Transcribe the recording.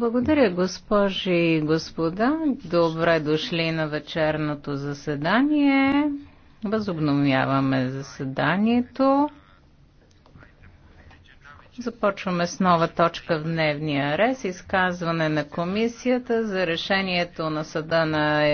Благодаря, госпожи и господа. Добре дошли на вечерното заседание. Възобновяваме заседанието. Започваме с нова точка в дневния рез. Изказване на комисията за решението на съда на